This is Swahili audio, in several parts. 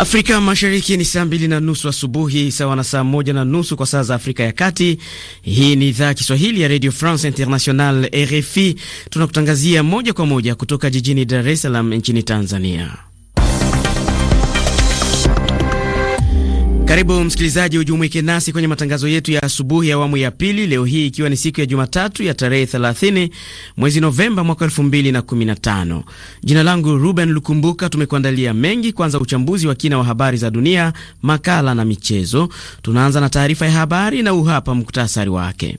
Afrika Mashariki ni saa mbili na nusu asubuhi sawa na saa moja na nusu kwa saa za Afrika ya Kati. Hii ni idhaa ya Kiswahili ya Radio France International, RFI. Tunakutangazia moja kwa moja kutoka jijini Dar es Salaam nchini Tanzania. Karibu msikilizaji, ujumuike nasi kwenye matangazo yetu ya asubuhi ya awamu ya pili, leo hii ikiwa ni siku ya Jumatatu ya tarehe 30 mwezi Novemba mwaka 2015. Jina langu Ruben Lukumbuka. Tumekuandalia mengi, kwanza uchambuzi wa kina wa habari za dunia, makala na michezo. Tunaanza na taarifa ya habari na uhapa muktasari wake.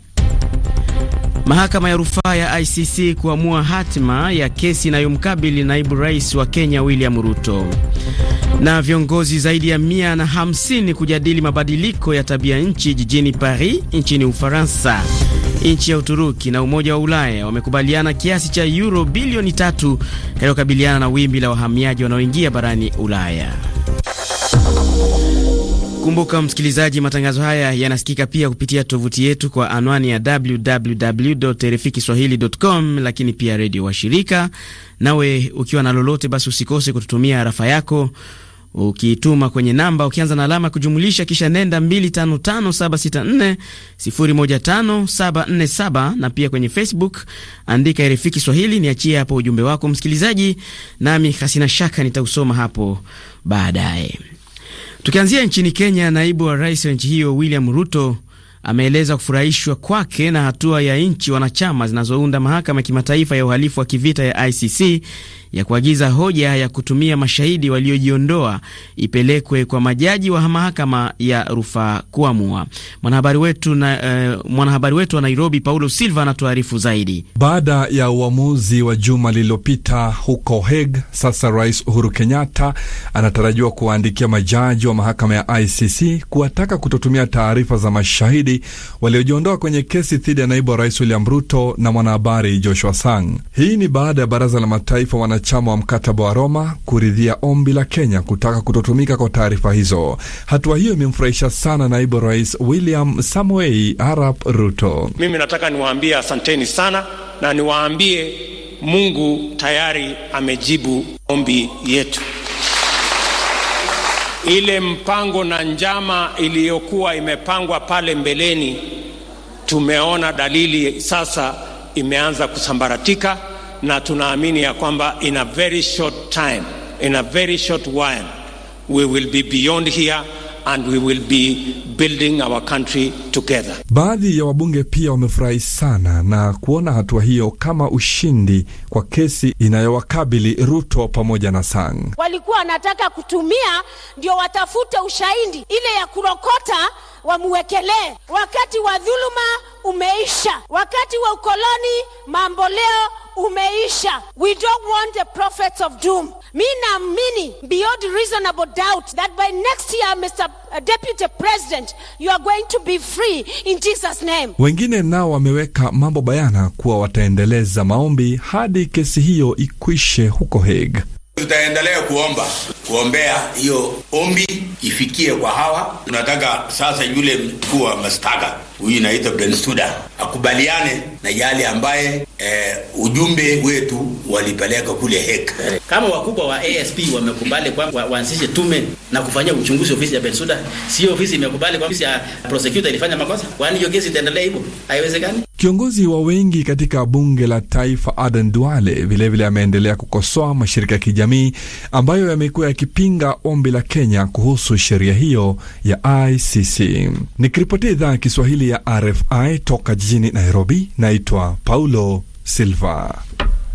Mahakama ya rufaa ya ICC kuamua hatima ya kesi inayomkabili naibu rais wa Kenya William Ruto. Na viongozi zaidi ya mia na kujadili mabadiliko ya tabia nchi jijini Paris nchini Ufaransa. Nchi ya Uturuki na Umoja wa Ulaya wamekubaliana kiasi cha euro bilioni tatu yanayokabiliana na wimbi la wahamiaji wanaoingia barani Ulaya. Kumbuka msikilizaji, matangazo haya yanasikika pia kupitia tovuti yetu kwa anwani ya www.rfikiswahili.com, lakini pia redio wa shirika Nawe ukiwa na lolote, basi usikose kututumia arafa yako ukiituma kwenye namba ukianza na alama kujumulisha kisha nenda 255764015747 na pia kwenye Facebook andika RFI Kiswahili. Niachie hapo ujumbe wako msikilizaji, nami hasina shaka nitausoma hapo baadaye. Tukianzia nchini Kenya, naibu wa rais wa nchi hiyo William Ruto ameeleza kufurahishwa kwake na hatua ya nchi wanachama zinazounda mahakama ya kimataifa ya uhalifu wa kivita ya ICC ya kuagiza hoja ya kutumia mashahidi waliojiondoa ipelekwe kwa majaji wa mahakama ya rufaa kuamua. Mwanahabari wetu, na, uh, mwanahabari wetu wa Nairobi Paulo Silva anatuarifu zaidi. Baada ya uamuzi wa juma lililopita huko Hague, sasa Rais Uhuru Kenyatta anatarajiwa kuwaandikia majaji wa mahakama ya ICC kuwataka kutotumia taarifa za mashahidi waliojiondoa kwenye kesi dhidi ya naibu wa rais William Ruto na mwanahabari Joshua Sang. Hii ni baada ya baraza la mataifa wana wanachama wa mkataba wa Roma kuridhia ombi la Kenya kutaka kutotumika kwa taarifa hizo. Hatua hiyo imemfurahisha sana naibu rais William Samoei Arap Ruto. Mimi nataka niwaambie asanteni sana na niwaambie Mungu tayari amejibu ombi yetu. Ile mpango na njama iliyokuwa imepangwa pale mbeleni, tumeona dalili sasa imeanza kusambaratika na tunaamini ya kwamba in a very short time, in a very short while we will be beyond here and we will be building our country together. Baadhi ya wabunge pia wamefurahi sana na kuona hatua hiyo kama ushindi kwa kesi inayowakabili Ruto pamoja na Sang. Walikuwa wanataka kutumia ndio watafute ushahidi ile ya kurokota wamwekelee. Wakati wa dhuluma umeisha, wakati wa ukoloni mambo leo umeisha. We don't want the prophets of doom. Mi naamini beyond reasonable doubt that by next year Mr. Uh, deputy President, you are going to be free in Jesus name. Wengine nao wameweka mambo bayana kuwa wataendeleza maombi hadi kesi hiyo ikwishe huko Hague. Tutaendelea kuomba kuombea hiyo ombi ifikie kwa hawa. Tunataka sasa yule mkuu wa mashtaka huyu inaitwa Bensuda akubaliane na yale ambaye e, ujumbe wetu walipeleka kule hek. Kama wakubwa wa ASP wamekubali kwamba waanzishe tume na kufanyia uchunguzi ofisi ya Bensuda, sio ofisi imekubali kwamba ofisi ya prosecutor ilifanya makosa, kwani hiyo kesi itaendelea hivyo? Haiwezekani. Kiongozi wa wengi katika bunge la taifa Aden Duale vilevile ameendelea kukosoa mashirika ya kijamii ambayo yamekuwa yakipinga ombi la Kenya kuhusu sheria hiyo ya ICC. Nikiripotia idhaa ya Kiswahili ya RFI toka jijini Nairobi, naitwa Paulo Silva.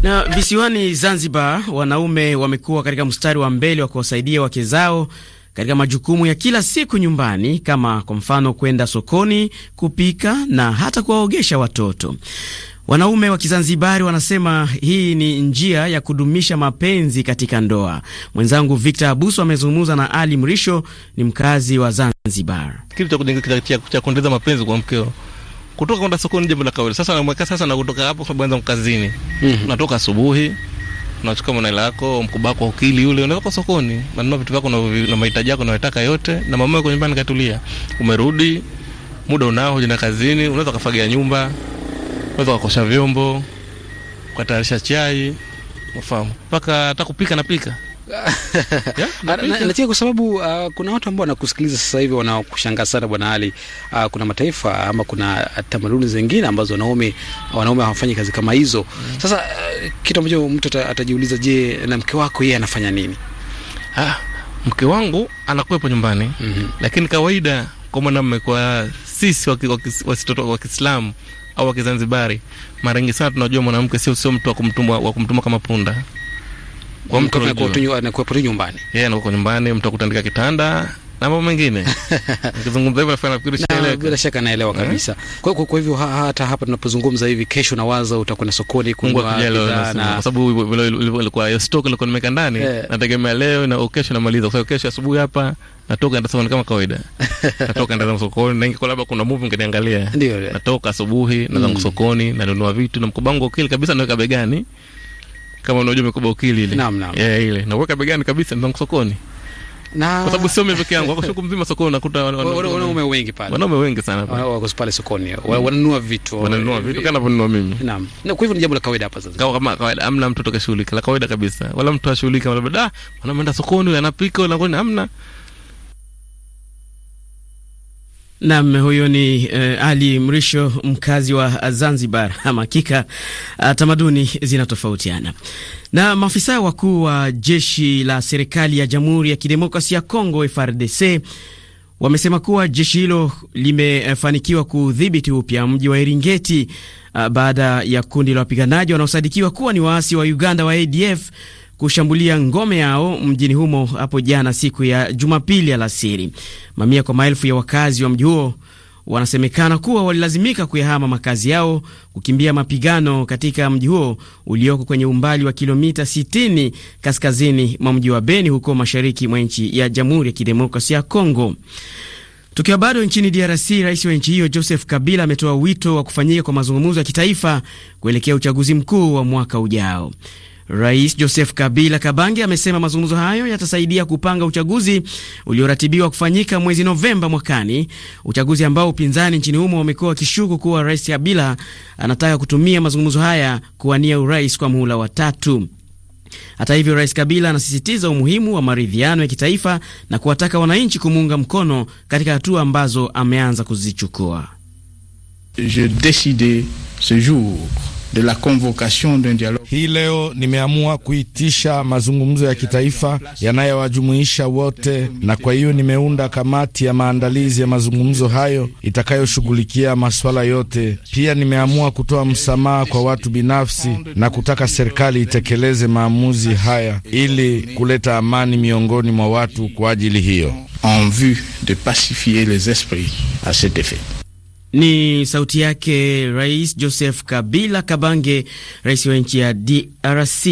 Na visiwani Zanzibar, wanaume wamekuwa katika mstari wa mbele wa kuwasaidia wake zao katika majukumu ya kila siku nyumbani, kama kwa mfano kwenda sokoni, kupika na hata kuwaogesha watoto. Wanaume wa Kizanzibari wanasema hii ni njia ya kudumisha mapenzi katika ndoa. Mwenzangu Victor Abuso amezungumza na Ali Mrisho, ni mkazi wa Zanzibar. Kitu cha kuendeleza mapenzi kwa mkeo kutoka kwenda sokoni, jambo la kawaida. Sasa namweka sasa nakutoka hapo hapo, kwanza mkazini, mhm. natoka asubuhi unachukua mwanaela yako mkubwa wako ukili yule, unaenda kwa sokoni, unanunua vitu vyako na mahitaji yako unayotaka yote, na mama yako nyumbani katulia. Umerudi, muda unao, hujina kazini, unaweza kafagia nyumba, unaweza kukosha vyombo, ukatayarisha chai, unafahamu, mpaka hata kupika napika Ah, Nacheka kwa sababu uh, kuna watu ambao wanakusikiliza sasa hivi wanakushangaa sana Bwana Ali. Uh, kuna mataifa ama kuna tamaduni zingine ambazo wanaume wanaume hawafanyi kazi kama hizo mm. Sasa uh, kitu ambacho mtu atajiuliza, je, na mke wako yeye anafanya nini? Ah, mke wangu anakuwepo nyumbani mm -hmm. Lakini kawaida kwa mwanamume, kwa sisi wasitoto wa Kiislamu au wa Kizanzibari, mara nyingi sana tunajua mwanamke sio sio mtu wa kumtuma wa kumtuma kama punda kwa mtu anakuwepo tu nyumbani, yeye anakuwa nyumbani, mtu akutandika kitanda na mambo mengine nikizungumza hivyo nafanya nafikiri shaeleweka. Bila shaka naelewa eh? kabisa. Kwa, kwa, kwa hivyo ha, hata hapa tunapozungumza hivi, kesho na waza utakwenda sokoni kununua bidhaa, kwa sababu ilikuwa hiyo stock ilikuwa nimeka ndani eh, nategemea leo na oh, kesho namaliza, kwa kesho asubuhi hapa natoka ndasoma kama kawaida, natoka ndazangu sokoni, na ingekuwa labda kuna movie ungeniangalia, natoka asubuhi nazangu mm. sokoni nanunua vitu na mkoba wangu ukili kabisa naweka begani kama unajua mikoba ukili ile. Naam, naam. Yeah, ile. Na uweka begani kabisa ndo sokoni. Na kwa sababu sio mimi peke yangu, wako siku mzima sokoni unakuta wanaume wengi pale. Wanaume wengi sana pale. Wako pale sokoni. Wananunua vitu. Wananunua vitu kana vinunua mimi. Naam. Na kwa hivyo ni jambo la kawaida hapa sasa. Kama kawaida, amna mtu toka atakashughulika, la kawaida kabisa. Wala mtu ashughulika, labda ah, wanaenda sokoni, anapika, wanakwenda amna Nam, huyo ni eh, Ali Mrisho, mkazi wa Zanzibar. Ama hakika ah, tamaduni zinatofautiana. Na maafisa wakuu wa jeshi la serikali ya Jamhuri ya Kidemokrasia ya Kongo frdc wamesema kuwa jeshi hilo limefanikiwa kudhibiti upya mji wa Eringeti ah, baada ya kundi la wapiganaji wanaosadikiwa kuwa ni waasi wa Uganda wa ADF kushambulia ngome yao mjini humo hapo jana siku ya Jumapili alasiri. Mamia kwa maelfu ya wakazi wa mji huo wanasemekana kuwa walilazimika kuyahama makazi yao kukimbia mapigano katika mji huo ulioko kwenye umbali wa kilomita 60 kaskazini mwa mji wa Beni huko mashariki mwa nchi ya Jamhuri ya Kidemokrasia ya Kongo. Tukiwa bado nchini DRC, rais wa nchi hiyo Joseph Kabila ametoa wito wa kufanyika kwa mazungumzo ya kitaifa kuelekea uchaguzi mkuu wa mwaka ujao. Rais Joseph Kabila Kabange amesema mazungumzo hayo yatasaidia kupanga uchaguzi ulioratibiwa kufanyika mwezi Novemba mwakani, uchaguzi ambao upinzani nchini humo wamekuwa wakishuku kuwa Rais Kabila anataka kutumia mazungumzo haya kuwania urais kwa muhula wa tatu. Hata hivyo, Rais Kabila anasisitiza umuhimu wa maridhiano ya kitaifa na kuwataka wananchi kumuunga mkono katika hatua ambazo ameanza kuzichukua. Je decide ce jour de la convocation d'un dialogue. Hii leo nimeamua kuitisha mazungumzo ya kitaifa yanayowajumuisha wote, na kwa hiyo nimeunda kamati ya maandalizi ya mazungumzo hayo itakayoshughulikia masuala yote. Pia nimeamua kutoa msamaha kwa watu binafsi na kutaka serikali itekeleze maamuzi haya ili kuleta amani miongoni mwa watu. Kwa ajili hiyo, en vue de pacifier les esprits a cet effet ni sauti yake Rais Joseph Kabila Kabange, rais wa nchi ya DRC.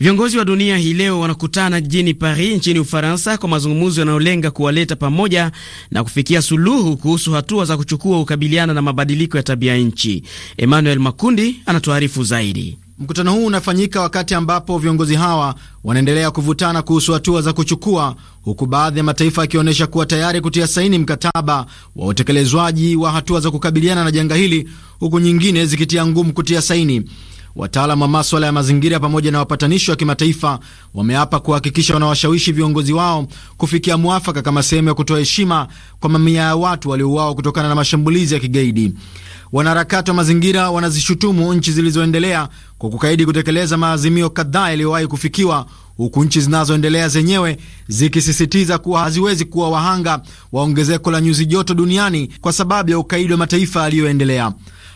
Viongozi wa dunia hii leo wanakutana jijini Paris nchini Ufaransa kwa mazungumzo yanayolenga kuwaleta pamoja na kufikia suluhu kuhusu hatua za kuchukua kukabiliana na mabadiliko ya tabia nchi. Emmanuel Makundi anatuarifu zaidi. Mkutano huu unafanyika wakati ambapo viongozi hawa wanaendelea kuvutana kuhusu hatua za kuchukua, huku baadhi ya mataifa yakionyesha kuwa tayari kutia saini mkataba wa utekelezwaji wa hatua za kukabiliana na janga hili, huku nyingine zikitia ngumu kutia saini. wataalam wa maswala ya mazingira pamoja na wapatanishi wa kimataifa wameapa kuhakikisha wanawashawishi viongozi wao kufikia mwafaka kama sehemu ya kutoa heshima kwa mamia ya watu waliouawa kutokana na mashambulizi ya kigaidi. Wanaharakati wa mazingira wanazishutumu nchi zilizoendelea kwa kukaidi kutekeleza maazimio kadhaa yaliyowahi kufikiwa, huku nchi zinazoendelea zenyewe zikisisitiza kuwa haziwezi kuwa wahanga wa ongezeko la nyuzi joto duniani kwa sababu ya ukaidi wa mataifa yaliyoendelea.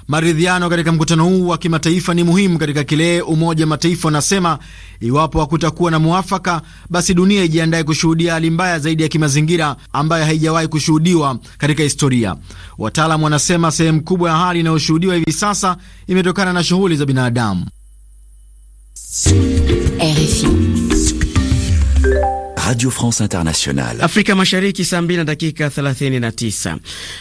Maridhiano katika mkutano huu wa kimataifa ni muhimu katika kile Umoja wa Mataifa unasema iwapo hakutakuwa na muafaka, basi dunia ijiandaye kushuhudia hali mbaya zaidi ya kimazingira ambayo haijawahi kushuhudiwa katika historia. Wataalamu wanasema sehemu kubwa ya hali inayoshuhudiwa hivi sasa imetokana na shughuli za binadamu. RFI. Radio France Internationale. Afrika Mashariki saa na dakika 39.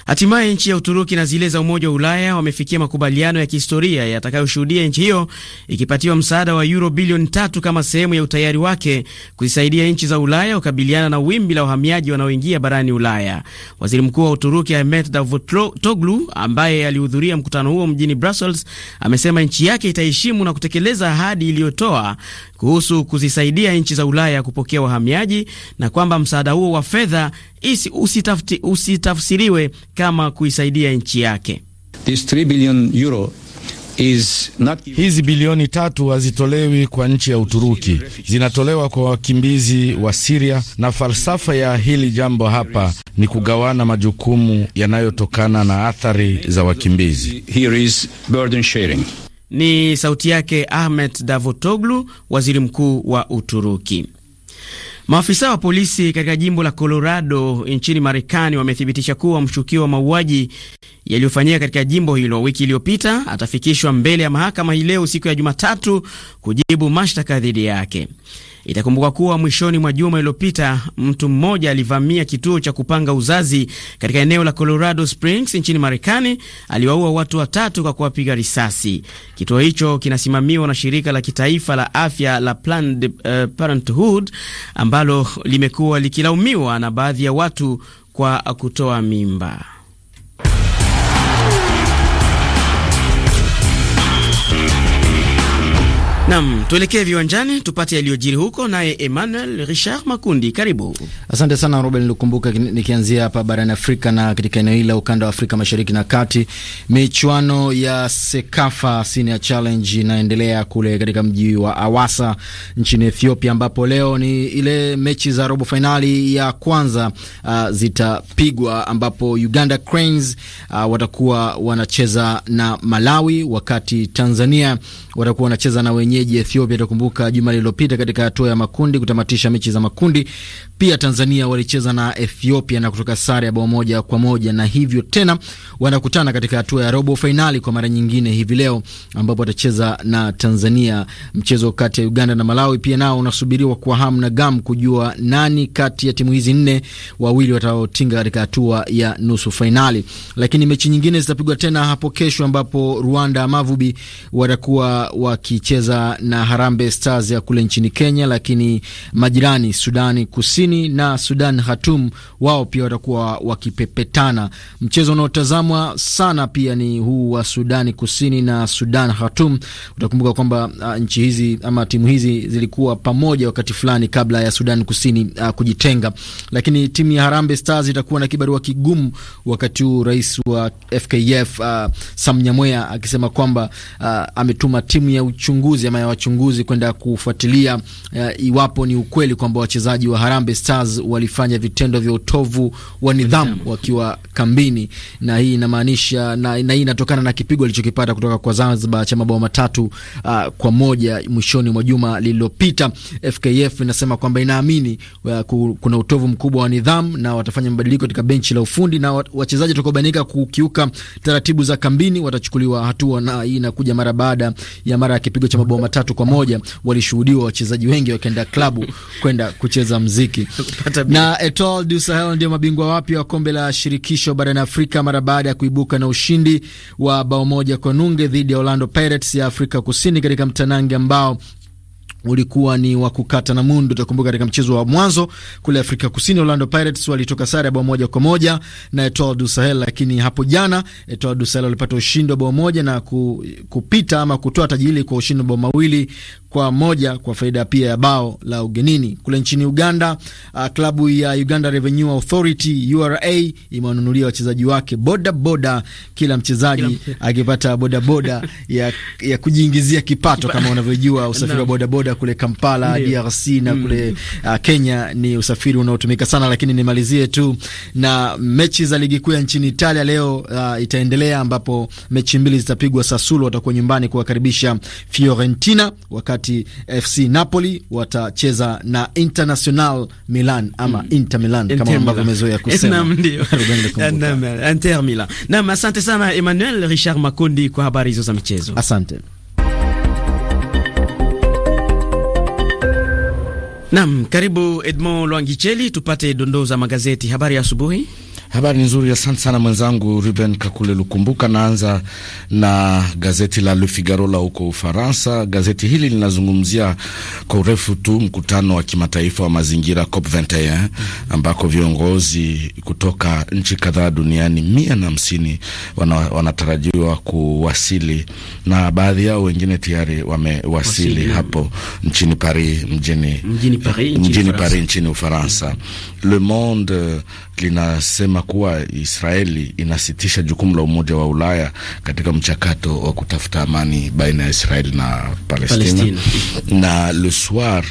Hatimaye nchi ya Uturuki na zile za Umoja wa Ulaya wamefikia makubaliano ya kihistoria yatakayoshuhudia nchi hiyo ikipatiwa msaada wa euro bilioni tatu kama sehemu ya utayari wake kuzisaidia nchi za Ulaya kukabiliana na wimbi la wahamiaji wanaoingia barani Ulaya. Waziri Mkuu wa Uturuki Ahmet Davutoglu ambaye alihudhuria mkutano huo mjini Brussels amesema nchi yake itaheshimu na kutekeleza ahadi iliyotoa kuhusu kuzisaidia nchi za Ulaya kupokea wahamiaji na kwamba msaada huo wa fedha usitafsiriwe kama kuisaidia nchi yake. This 3 billion euro Not... hizi bilioni tatu hazitolewi kwa nchi ya Uturuki, zinatolewa kwa wakimbizi wa Siria, na falsafa ya hili jambo hapa ni kugawana majukumu yanayotokana na athari za wakimbizi. Here is burden sharing. Ni sauti yake Ahmet Davutoglu, waziri mkuu wa Uturuki. Maafisa wa polisi katika jimbo la Colorado nchini Marekani wamethibitisha kuwa mshukiwa wa mauaji yaliyofanyika katika jimbo hilo wiki iliyopita atafikishwa mbele ya mahakama hii leo siku ya Jumatatu kujibu mashtaka dhidi yake. Itakumbuka kuwa mwishoni mwa juma iliyopita mtu mmoja alivamia kituo cha kupanga uzazi katika eneo la Colorado Springs nchini Marekani, aliwaua watu watatu kwa kuwapiga risasi. Kituo hicho kinasimamiwa na shirika la kitaifa la afya la Planned eh, Parenthood ambalo limekuwa likilaumiwa na baadhi ya watu kwa kutoa mimba. Nam, tuelekee viwanjani tupate yaliyojiri huko, naye Emmanuel Richard Makundi, karibu. Asante sana Robert, nilikumbuka nikianzia hapa barani Afrika na katika eneo hili la ukanda wa Afrika mashariki na kati, michuano ya Sekafa Senior Challenge inaendelea kule katika mji wa Awasa nchini Ethiopia, ambapo leo ni ile mechi za robo fainali ya kwanza uh, zitapigwa, ambapo Uganda Cranes uh, watakuwa wanacheza na Malawi, wakati Tanzania watakuwa wanacheza na wenyewe wenyeji Ethiopia itakumbuka juma lililopita katika hatua ya makundi kutamatisha mechi za makundi pia Tanzania walicheza na Ethiopia na kutoka sare ya bao moja kwa moja, na hivyo tena wanakutana katika hatua ya robo fainali kwa mara nyingine hivi leo, ambapo watacheza na Tanzania. Mchezo kati ya Uganda na Malawi pia nao unasubiriwa kwa hamu na gamu kujua nani kati ya timu hizi nne wawili wataotinga katika hatua ya nusu fainali. Lakini mechi nyingine zitapigwa tena hapo kesho, ambapo Rwanda Mavubi watakuwa wakicheza na Harambee Stars ya kule nchini Kenya, lakini majirani Sudani Kusini Kusini na Sudan Khartoum, wao pia watakuwa wakipepetana. Mchezo unaotazamwa sana pia ni huu wa Sudani Kusini na Sudan Khartoum. Utakumbuka kwamba uh, nchi hizi ama timu hizi zilikuwa pamoja wakati fulani kabla ya Sudan Kusini uh, kujitenga, lakini timu ya Harambee Stars itakuwa na kibarua kigumu wakati huu rais wa FKF uh, Sam Nyamwea akisema kwamba uh, ametuma timu ya uchunguzi ama ya wachunguzi kwenda kufuatilia uh, iwapo ni ukweli kwamba wachezaji wa Harambee Stars walifanya vitendo vya utovu wa nidhamu wakiwa kambini, na hii inamaanisha na, na hii inatokana na kipigo alichokipata kutoka kwa Zanzibar cha mabao matatu uh, kwa moja mwishoni mwa juma lililopita. FKF inasema kwamba inaamini uh, kuna utovu mkubwa wa nidhamu na watafanya mabadiliko katika benchi la ufundi, na wachezaji watakaobainika kukiuka taratibu za kambini watachukuliwa hatua, na hii inakuja mara baada ya mara ya kipigo cha mabao matatu kwa moja walishuhudiwa wachezaji wengi wakaenda klabu kwenda kucheza mziki na Etoile du Sahel ndio mabingwa wapya wa kombe la shirikisho barani Afrika mara baada ya kuibuka na ushindi wa bao moja kwa nunge dhidi ya Orlando Pirates ya Afrika Kusini katika mtanange ambao ulikuwa ni wa kukata na mundu. Utakumbuka katika mchezo wa mwanzo kule Afrika Kusini, Orlando Pirates walitoka sare ya bao moja kwa moja na Etoile du Sahel, lakini hapo jana Etoile du Sahel walipata ushindi wa bao moja na ku, kupita ama kutoa taji hili kwa ushindi wa bao mawili kwa moja kwa faida pia ya bao la ugenini. Kule nchini Uganda, uh, klabu ya Uganda Revenue Authority URA imewanunulia wachezaji wake boda boda, kila mchezaji akipata boda boda ya, ya kujiingizia kipato kama unavyojua usafiri wa boda boda kule Kampala Ndiyo. DRC na mm. kule uh, Kenya ni usafiri unaotumika sana, lakini nimalizie tu na mechi za ligi kuu ya nchini Italia leo uh, itaendelea ambapo mechi mbili zitapigwa. Sassuolo watakuwa nyumbani kuwakaribisha Fiorentina, wakati FC Napoli watacheza na Internacional Milan ama mm. Inter Milan kama ambavyo umezoea kusema Inter Milan. Naam, asante sana Emmanuel Richard Makundi kwa habari hizo za michezo, asante. Nam, karibu Edmond Lwangicheli, tupate dondoo za magazeti. Habari ya asubuhi. Habari nzuri, asante sana mwenzangu Ruben Kakule Lukumbuka. Naanza na gazeti la Le Figaro la huko Ufaransa. Gazeti hili linazungumzia kwa urefu tu mkutano wa kimataifa wa mazingira COP21 ambako viongozi kutoka nchi kadhaa duniani mia na hamsini wana, wanatarajiwa kuwasili na baadhi yao wengine tayari wamewasili wasili hapo nchini Paris, mjini, mjini Paris nchini Ufaransa. Le Monde eh, linasema kuwa Israeli inasitisha jukumu la Umoja wa Ulaya katika mchakato wa kutafuta amani baina ya Israeli na Palestina, Palestina. Na Le Soir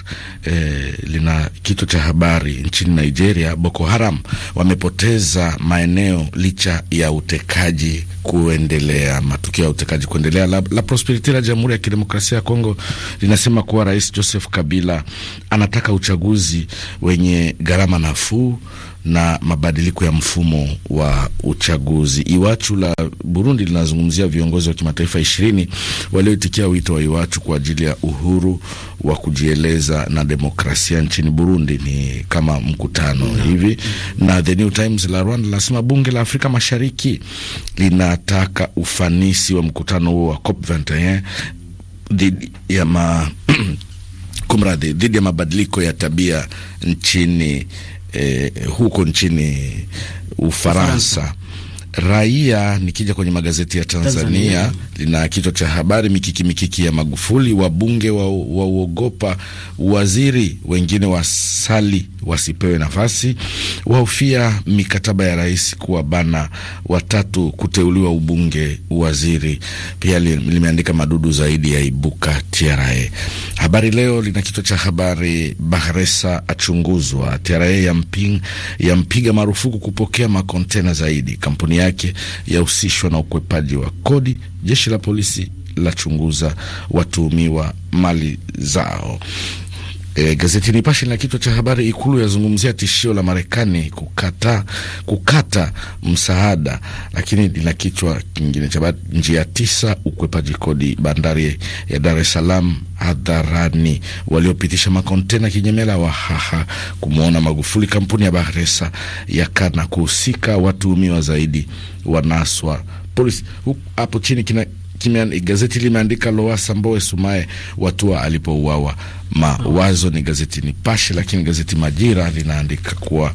eh, lina kitu cha habari nchini Nigeria, Boko Haram wamepoteza maeneo licha ya utekaji kuendelea, matukio ya utekaji kuendelea. La, la Prosperity la Jamhuri ya Kidemokrasia ya Kongo linasema kuwa Rais Joseph Kabila anataka uchaguzi wenye gharama nafuu na mabadiliko ya mfumo wa uchaguzi. Iwachu la Burundi linazungumzia viongozi wa kimataifa ishirini walioitikia wito wa Iwachu kwa ajili ya uhuru wa kujieleza na demokrasia nchini Burundi, ni kama mkutano mm -hmm. hivi. Na The New Times la Rwanda linasema bunge la Afrika Mashariki linataka ufanisi wa mkutano huo wa COP 21 dhidi ya ma kumradhi, dhidi ya mabadiliko ya tabia nchini eh, huko nchini Ufaransa. Raia, nikija kwenye magazeti ya Tanzania, Tanzania lina kichwa cha habari mikiki mikiki ya Magufuli, wabunge wauogopa wa waziri, wengine wasali wasipewe nafasi, wahofia mikataba ya rais kuwa bana, watatu kuteuliwa ubunge uwaziri. Pia limeandika madudu zaidi ya ibuka TRA. Habari Leo lina kichwa cha habari Bahresa achunguzwa, TRA yampiga marufuku kupokea makontena zaidi, kampuni yake yahusishwa na ukwepaji wa kodi. Jeshi la polisi lachunguza watuhumiwa mali zao. E, gazeti Nipashe lina kichwa cha habari, Ikulu yazungumzia tishio la Marekani kukata, kukata msaada, lakini lina kichwa kingine cha njia tisa ukwepaji kodi bandari ya Dar es Salaam hadharani, waliopitisha makontena kinyemela wahaha kumwona Magufuli, kampuni ya Bahresa yakana kuhusika, watuhumiwa zaidi wanaswa polisi. Hapo chini kina gazeti limeandika loasa Mbowe Sumaye watua alipouawa. Mawazo ni gazeti Nipashe, lakini gazeti Majira linaandika kuwa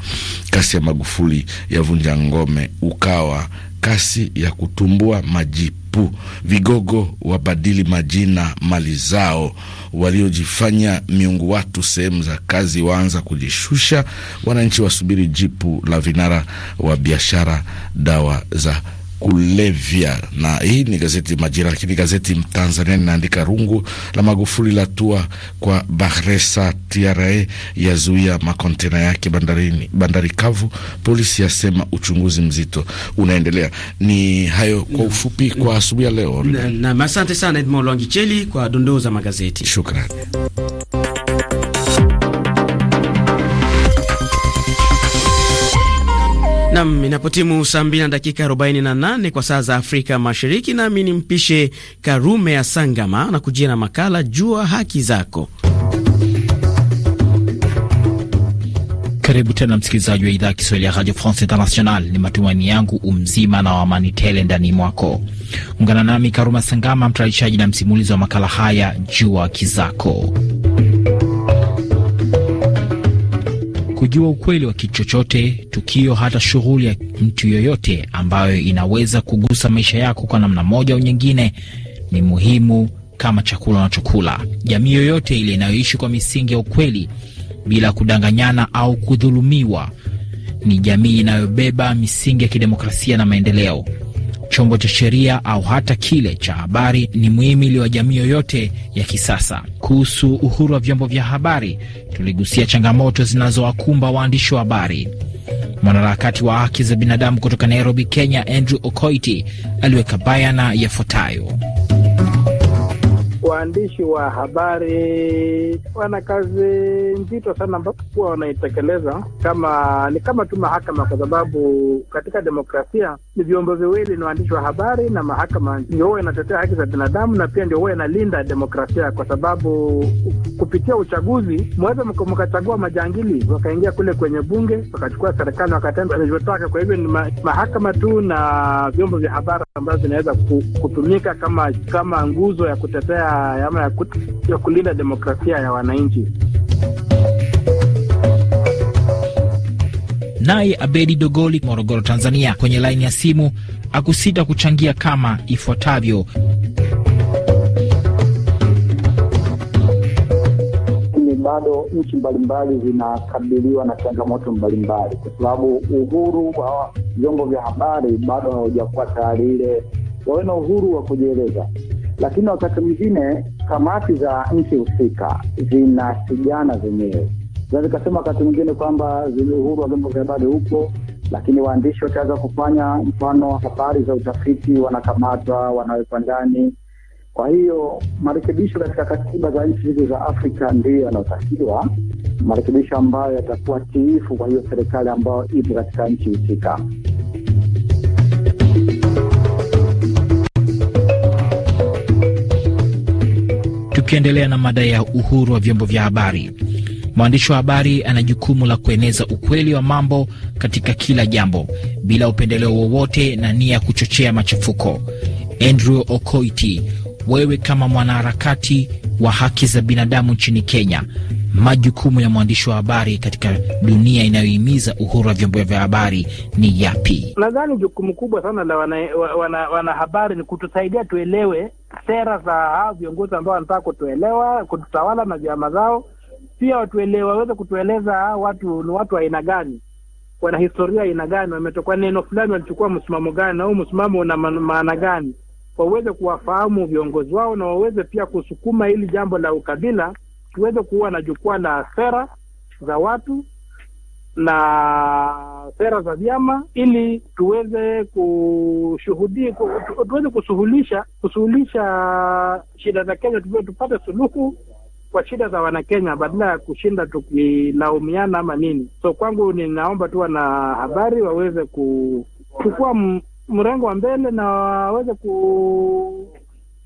kasi ya Magufuli ya vunja ngome Ukawa, kasi ya kutumbua majipu, vigogo wabadili majina mali zao, waliojifanya miungu watu sehemu za kazi waanza kujishusha, wananchi wasubiri jipu la vinara wa biashara dawa za kulevya, na hii ni gazeti Majira. Lakini gazeti Mtanzania linaandika rungu la Magufuli la tua kwa Bahresa, TRA yazuia makontena yake bandarini, bandari kavu, polisi yasema uchunguzi mzito unaendelea. Ni hayo kwa ufupi kwa asubuhi ya leo na, na asante sana Edmond Longicheli kwa dondoo za magazeti, shukrani. Nam, inapotimu saa mbili na dakika 48 kwa saa za Afrika Mashariki, nami ni mpishe Karume ya Sangama na kujia na makala Jua Haki Zako. Karibu tena msikilizaji wa idhaa ya Kiswahili ya Radio France International. Ni matumaini yangu umzima na wamani tele ndani mwako. Ungana nami Karuma Sangama, mtayarishaji na msimulizi wa makala haya Jua Haki Zako kujua ukweli wa kitu chochote, tukio, hata shughuli ya mtu yoyote ambayo inaweza kugusa maisha yako kwa namna moja au nyingine ni muhimu kama chakula unachokula. Jamii yoyote ile inayoishi kwa misingi ya ukweli bila kudanganyana au kudhulumiwa ni jamii inayobeba misingi ya kidemokrasia na maendeleo chombo cha sheria au hata kile cha habari ni muhimili wa jamii yoyote ya kisasa. Kuhusu uhuru wa vyombo vya habari, tuligusia changamoto zinazowakumba waandishi wa habari. Mwanaharakati wa haki za binadamu kutoka Nairobi, Kenya, Andrew Okoiti aliweka bayana yafuatayo waandishi wa habari wana kazi nzito sana ambapo kuwa wanaitekeleza kama ni kama tu mahakama, kwa sababu katika demokrasia ni vyombo viwili, ni waandishi wa habari na mahakama, ndio huwa inatetea haki za binadamu na pia ndio huwa inalinda demokrasia, kwa sababu kupitia uchaguzi mweza mkachagua majangili wakaingia kule kwenye bunge wakachukua serikali wakatenda wanavyotaka. Kwa hivyo ni mahakama tu na vyombo vya habari ambavyo vinaweza kutumika kama, kama nguzo ya kutetea ama ya, ya kulinda demokrasia ya wananchi. Naye Abedi Dogoli, Morogoro, Tanzania, kwenye laini ya simu akusita kuchangia kama ifuatavyo. Bado nchi mbalimbali zinakabiliwa na changamoto mbalimbali, kwa sababu uhuru wa vyombo vya habari bado haujakuwa tayari ile wawe na uhuru wa kujieleza lakini wakati mwingine kamati za nchi husika zinasigana zenyewe, na zikasema wakati mwingine kwamba zile uhuru wa vyombo vya habari huko, lakini waandishi wataweza kufanya mfano habari za utafiti, wanakamatwa, wanawekwa ndani. Kwa hiyo marekebisho katika katiba za nchi hizi za Afrika ndiyo yanayotakiwa, marekebisho ambayo yatakuwa tiifu kwa hiyo serikali ambayo ipo katika nchi husika. Tukiendelea na mada ya uhuru wa vyombo vya habari, mwandishi wa habari ana jukumu la kueneza ukweli wa mambo katika kila jambo bila upendeleo wowote na nia ya kuchochea machafuko. Andrew Okoiti, wewe kama mwanaharakati wa haki za binadamu nchini Kenya, majukumu ya mwandishi wa habari katika dunia inayohimiza uhuru wa vyombo vya habari ni yapi? Nadhani jukumu kubwa sana la wanahabari wana, wana ni kutusaidia tuelewe sera za hao viongozi ambao wanataka kutuelewa, kututawala na vyama zao, pia watuelewa, waweze kutueleza hao watu ni watu wa aina gani, wana historia aina gani, wametoka neno fulani, walichukua msimamo gani, na huu msimamo una maana gani, waweze kuwafahamu viongozi wao na waweze pia kusukuma hili jambo la ukabila tuweze kuwa na jukwaa la sera za watu na sera za vyama ili tuweze kushuhudia tuweze kusuhulisha kusuhulisha shida za Kenya, tupate suluhu kwa shida za Wanakenya badala ya kushinda tukilaumiana ama nini. So kwangu ninaomba tu wanahabari waweze kuchukua mrengo wa mbele na waweze ku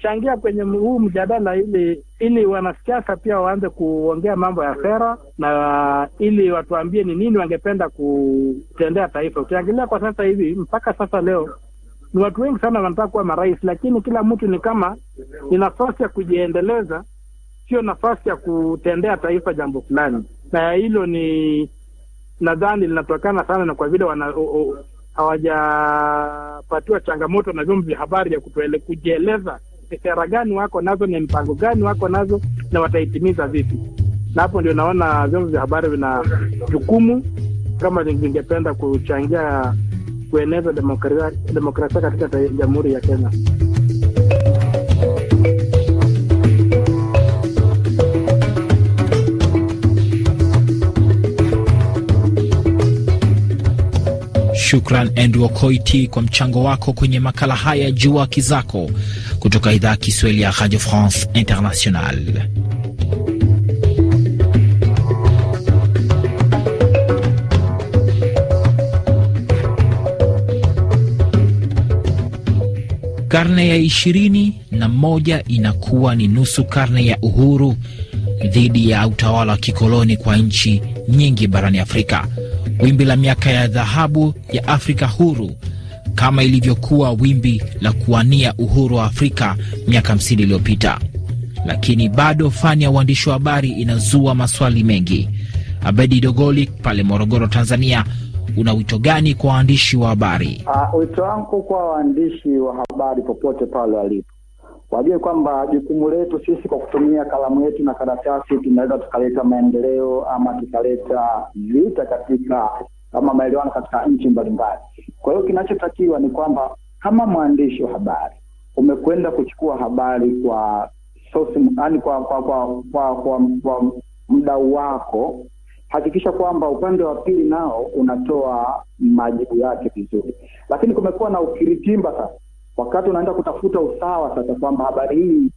changia kwenye huu mjadala ili ili wanasiasa pia waanze kuongea mambo ya sera na ili watuambie ni nini wangependa kutendea taifa. Ukiangalia kwa sasa hivi mpaka sasa leo ni watu wengi sana wanataka kuwa marais, lakini kila mtu ni kama ni nafasi ya kujiendeleza, sio nafasi ya kutendea taifa jambo fulani, na hilo ni nadhani linatokana sana na kwa vile wana hawajapatiwa changamoto na vyombo vya habari ya kutuele, kujieleza sera gani wako nazo, ni mpango gani wako nazo, na wataitimiza vipi? Na hapo ndio naona vyombo vya habari vina jukumu, kama vingependa kuchangia kueneza demokrasia, demokrasia katika jamhuri ya Kenya. Shukran Andrew Okoiti kwa mchango wako kwenye makala haya Jua Haki Zako kutoka idhaa ya Kiswahili ya Radio France International. Karne ya ishirini na moja inakuwa ni nusu karne ya uhuru dhidi ya utawala wa kikoloni kwa nchi nyingi barani Afrika. Wimbi la miaka ya dhahabu ya Afrika huru kama ilivyokuwa wimbi la kuwania uhuru wa Afrika miaka 50 iliyopita. Lakini bado fani ya uandishi wa habari inazua maswali mengi. Abedi Dogoli pale Morogoro, Tanzania, una wito gani kwa waandishi wa habari? Uh, wito wangu kwa waandishi wa habari popote pale walipo, wajue kwamba jukumu letu sisi kwa kutumia kalamu yetu na karatasi tunaweza tukaleta maendeleo ama tukaleta vita katika ama maelewano katika nchi mbalimbali. Kwa hiyo kinachotakiwa ni kwamba kama mwandishi wa habari umekwenda kuchukua habari kwa sosi, yani kwa kwa kwa, kwa, kwa, kwa mdau wako, hakikisha kwamba upande wa pili nao unatoa majibu yake vizuri. Lakini kumekuwa na ukiritimba sasa, wakati unaenda kutafuta usawa sasa, kwamba habari hii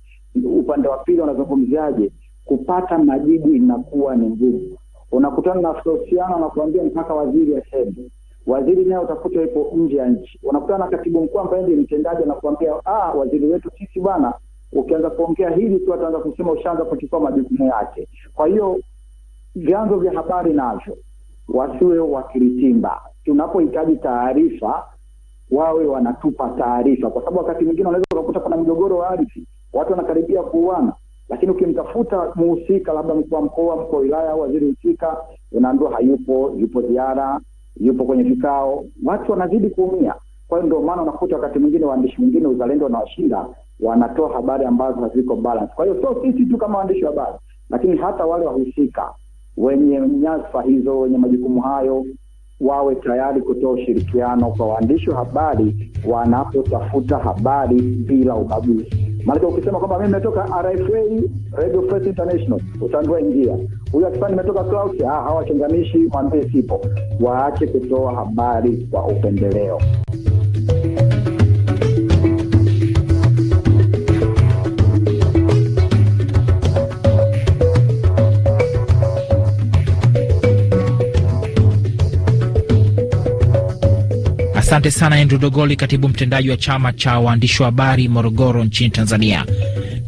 upande wa pili wanazungumziaje, kupata majibu inakuwa ni ngumu unakutana na afisa na anakuambia mpaka waziri aseme, waziri naye utakuta yupo nje ya nchi. Unakutana na katibu mkuu ambaye ndiye mtendaji anakuambia ah, waziri wetu sisi bwana, ukianza kuongea hili tu ataanza kusema ushaanza kuchukua majukumu yake. Kwa hiyo vyanzo vya habari navyo wasiwe wakiritimba, tunapohitaji taarifa wawe wanatupa taarifa, kwa sababu wakati mwingine unaweza ukakuta kuna mgogoro wa ardhi, watu wanakaribia kuuana lakini ukimtafuta muhusika, labda mkuu wa mkoa, mkuu wa wilaya au waziri husika, unaambiwa hayupo, yupo ziara, yupo kwenye vikao. Watu wanazidi kuumia. Kwa hiyo ndio maana unakuta wakati mwingine waandishi mwingine uzalendo wanawashinda, wanatoa habari ambazo haziko balance. Kwa hiyo sio sisi tu kama waandishi wa habari, lakini hata wale wahusika wenye nyasfa hizo, wenye majukumu hayo, wawe tayari kutoa ushirikiano kwa waandishi wa habari wanapotafuta habari bila ubaguzi. Maanake ukisema kwamba mimi nimetoka RFA Radio Press International, ingia. Huyu akisema nimetoka Clouds, ah, hawachanganishi mwambie sipo. Waache kutoa habari kwa upendeleo. Asante sana Andrew Dogoli, katibu mtendaji wa chama cha waandishi wa habari Morogoro nchini Tanzania.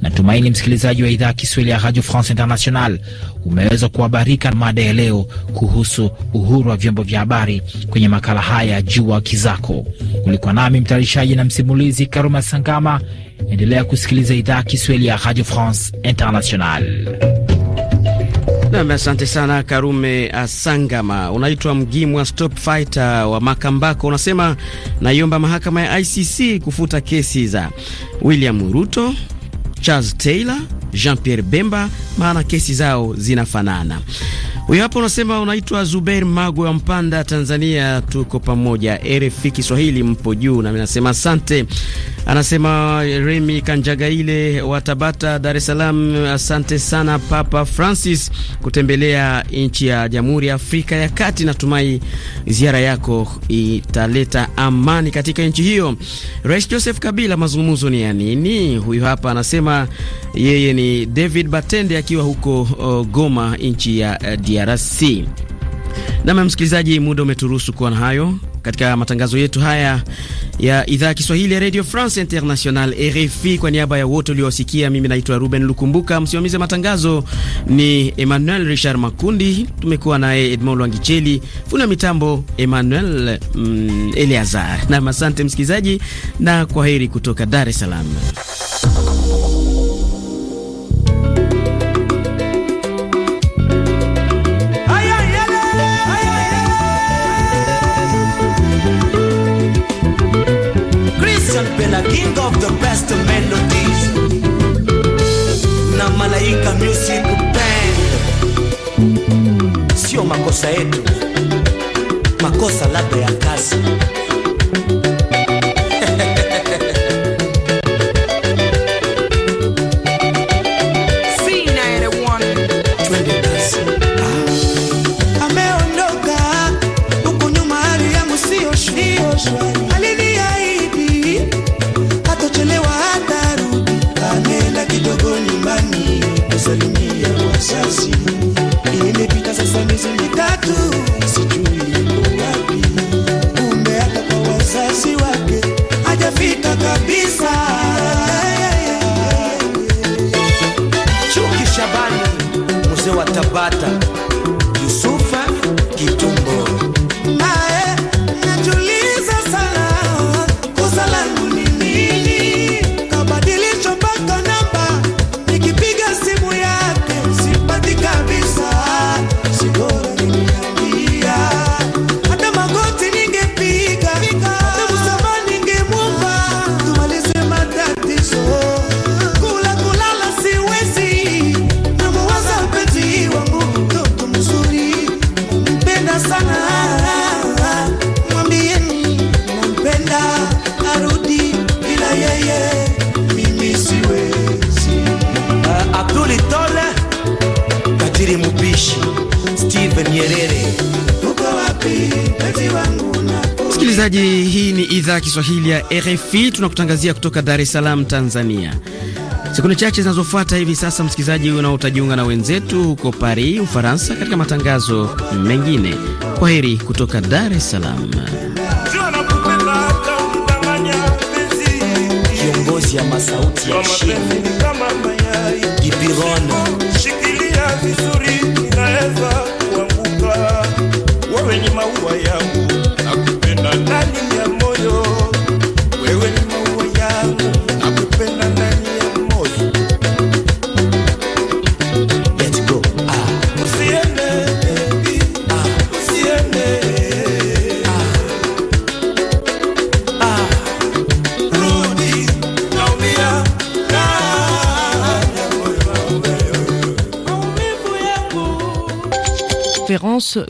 Natumaini msikilizaji wa idhaa ya Kiswahili ya Radio France International umeweza kuhabarika na mada ya leo kuhusu uhuru wa vyombo vya habari kwenye makala haya Jua Kizako. Ulikuwa nami mtayarishaji na msimulizi Karuma Sangama. Endelea kusikiliza idhaa ya Kiswahili ya Radio France International. Nam, asante sana Karume Asangama. Unaitwa Mgimwa Stop Fighter wa Makambako, unasema naiomba mahakama ya ICC kufuta kesi za William Ruto, Charles Taylor, Jean Pierre Bemba, maana kesi zao zinafanana. Huyo hapo unasema unaitwa Zuber Magwe wa Mpanda, Tanzania. Tuko pamoja RFI Kiswahili, mpo juu nami nasema asante. Anasema Remi Kanjagaile wa Tabata, Dar es Salaam, asante sana Papa Francis kutembelea nchi ya Jamhuri ya Afrika ya Kati. Natumai ziara yako italeta amani katika nchi hiyo. Rais Joseph Kabila, mazungumzo ni ya nini? Huyu hapa anasema yeye ni David Batende akiwa huko uh, Goma, nchi ya uh, DRC. Nam msikilizaji, muda umeturuhusu kuwa na hayo katika matangazo yetu haya ya idhaa ya Kiswahili ya Radio France International, RFI. Kwa niaba ya wote uliowasikia, mimi naitwa Ruben Lukumbuka, msimamizi wa matangazo ni Emmanuel Richard Makundi, tumekuwa naye Edmond Lwangicheli, funa mitambo Emmanuel mm, Eleazar. Nam asante msikilizaji, na kwa heri kutoka Dar es Salaam. of the best melodies na Malaika Music Band. Sio makosa yetu, makosa labda ya kazi bata, bata Msikilizaji, hii ni idhaa ya Kiswahili ya RFI, tunakutangazia kutoka Dar es Salaam, Tanzania. Sekunde chache zinazofuata hivi sasa, msikilizaji unaotajiunga na wenzetu huko Paris, Ufaransa, katika matangazo mengine. Kwa heri kutoka Dar es Salaam. Kiongozi ya masauti ya shikilia vizuri, inaweza kuanguka maua ya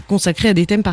consacré à des thèmes particuliers